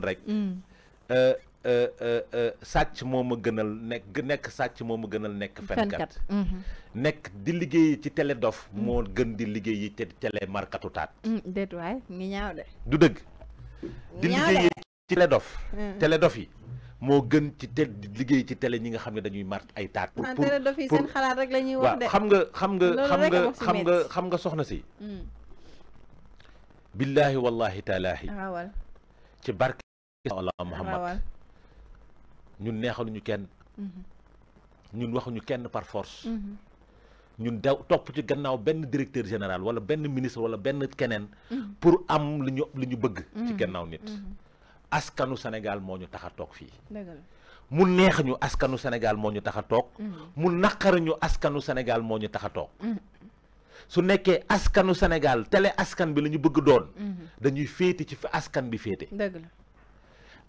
defoon rek. Mm. Euh, euh, euh, sàcc moo a gënal nekk nekk sàcc moom a gënal nekk fenkat mm-hmm. nekk di liggéey ci télé dof mm. moo gën di liggéey yi te télé markatu taat mm, déet du dëgg di liggéey ci télé dof mm-hmm. télé yi moo gën ci te liggéey ci télé ñi nga xam ne dañuy mart ay taat ah, pour télé dof yi seen xam nga xam nga xam nga xam nga xam soxna si billaahi wallaahi taalaahi ah, ci barke incha allah muhammad ñun neexaluñu kenn mm-hmm. ñun waxuñu kenn par force mm-hmm. ñun daw topp ci gannaaw benn directeur général wala benn ministre wala benn keneen mm-hmm. pour am li ñu ñu bëgg ci gannaaw nit askanu Sénégal moo ñu tax a toog fii mu neex askanu Sénégal moo ñu tax a toog mu naqari ñu askanu Sénégal moo ñu tax a toog su nekkee askanu Sénégal tele askan bi la bëgg doon dañuy féete ci fi askan bi féete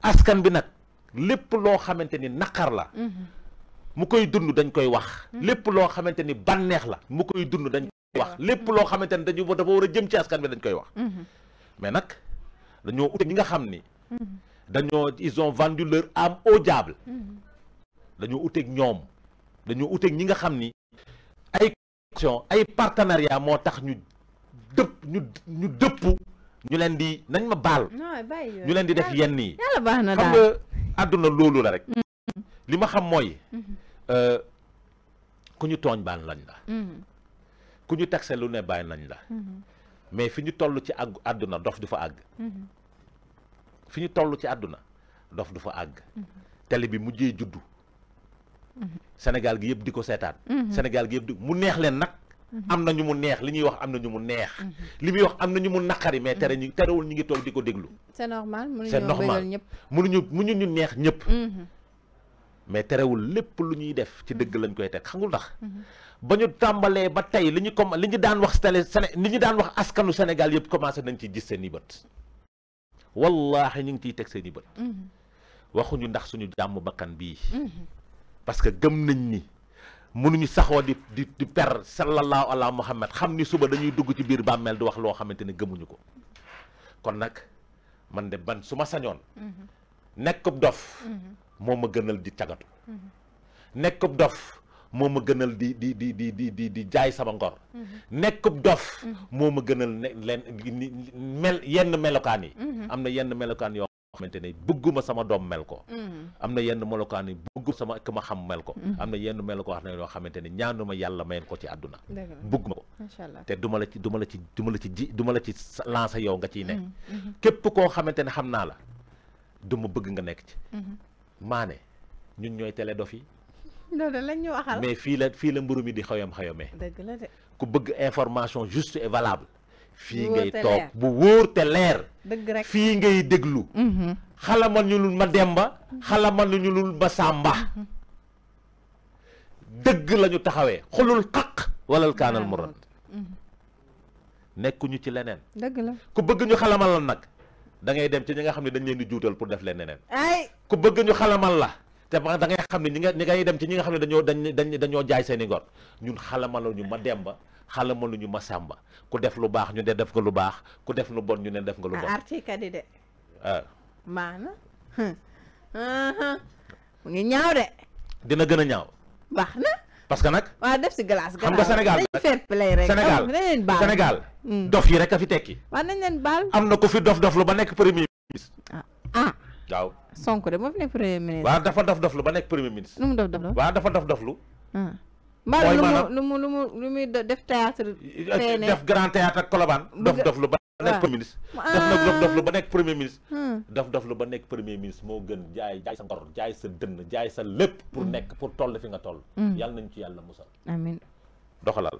askan bi nag lépp loo xamante ni naqar la mhm. mu koy dund dañ koy wax mhm. lépp loo xamante ni bànneex la mu koy dund dañ koy wax lépp loo xamante ni dañu dafa war a jëm ci askan bi dañ koy wax mhm. mais nag dañoo ut ñi nga xam ni dañoo ils ont vendu leur âme dañoo uteeg ñoom dañoo uteeg ñi nga xam ni ay action ay partenariat moo tax ñu dëpp ñu dëpp ñu leen di nañ ma baal. ñu leen di def yenn yi. yàlla baax na xam nga àdduna loolu la rek. Mm-hmm. li ma xam mooy. Mm-hmm. Euh, ku ñu tooñ baal lañ la. Mm-hmm. ku ñu taxe lu ne bàyyi nañ la. mais fi ñu toll ci àgg àdduna dof du fa àgg. fi ñu toll ci àdduna dof du fa àgg. télé bi mujjee juddu. Sénégal gi yëpp di ko seetaan. Sénégal gi yëpp di mu neex leen nag. Mm-hmm. amna ñu mu neex li ñuy wax amna ñu mu neex. Mm-hmm. li muy wax amna ñu mu nakari mais téré ñu téré terewul ñu ngi tok diko déglu. c'est normal ñu bëggal ñëpp mënuñu ñu ñu neex ñëpp. Mm-hmm. mais téré terewul lepp lu ñuy def ci dëgg lañ koy tek xangul tax. bañu tambalé ba tay li ñu comme li ñu daan wax télé Séné li ñu daan wax askanu Sénégal yëpp commencé nañ ci gis seen i wallahi ñu ngi ciy teg seen i waxu ñu ndax suñu jamm bakkan bi parce que gëm nañ ni. mënuñu saxoo di di di per sallallahu ala muhammad xam ni suba dañuy dugg ci biir bàmmeel di wax loo xamante ne gëmuñu ko kon nag man de ban su ma sañoon mm-hmm. nekkub dof mm-hmm. moo ma gënal di cagatu mm-hmm. nekkub dof moo ma gënal di di di di di di di jaay sama ngor nekkub dof moo ma gënal ne leen yenn melokaan yi am na yenn melokaan yoo xamante ne bëgguma sama doom mel ko mm-hmm. am na yenn melokaan yi bëggu sama ki ma xam mel ko mm-hmm. am na yenn mel ko wax ne yoo xamante ne ñaanuma yàlla mayen ko ci àdduna bëgguma ko te duma la ci duma la ci duma la la ci lancé yow nga ciy nekk mm-hmm. képp koo xamante ne xam naa la duma bëgg nga nekk ci maane ñun ñooy télé dof yi loolu lañ ñu waxal mais fii la fii la mburu mi di xayam xayamee ku bëgg information juste et fii ngay toog bu wóor te leer dëgg rek fii ngay déglu mm-hmm. xalamal ñu ma demba xalamal ñu lul ma sàmba mm-hmm. dëgg la ñu taxawee xulul xaq walal kaanal murad mm-hmm. nekkuñu ci leneen dëgg ku bëgg ñu xalamal la nag da ngay dem ci ñi nga xam ne dañ leen di juutal pour def leen neneen ay ku bëgg ñu xalamal la té ba da ngay xam ni nga ni ngay dem ci ñi nga xamni ne dañoo dañ dañoo jaay seen ngor ñun ñu ma demba ñu ma samba ku def lu baax ñu dé def ko lu baax ku def lu bon ñu né def nga lu ah, bon. arti di dé euh ah. maana. hmm ngi ñaaw dé dina gëna a ñaaw. baax parce que nak wa def ci glace. xam nga Sénégal dañ fair play rek. Sénégal Sénégal. dof yi rek a fi tekki. wa nañ leen bal amna ku fi dof dof lu ba nek premier ministre. ah. ah. waaw Sonko de moo fi nekk premier ministre. waaw dafa dof doflu ba nekk premier ministre. nu mu dof doflu waaw dafa dof doflu. Ah. mbaa lu mu lu mu lu muy def théâtre. def grand théâtre ba nekk premier ministre. Ah. def na lu ba nekk premier ministre. Hmm. dof moo gën jaay jaay sa ngor jaay sa dënn jaay sa lépp. pour hmm. nekk pour toll fi nga toll. Hmm. yàlla nañ ci yàlla musal. amiin doxalal.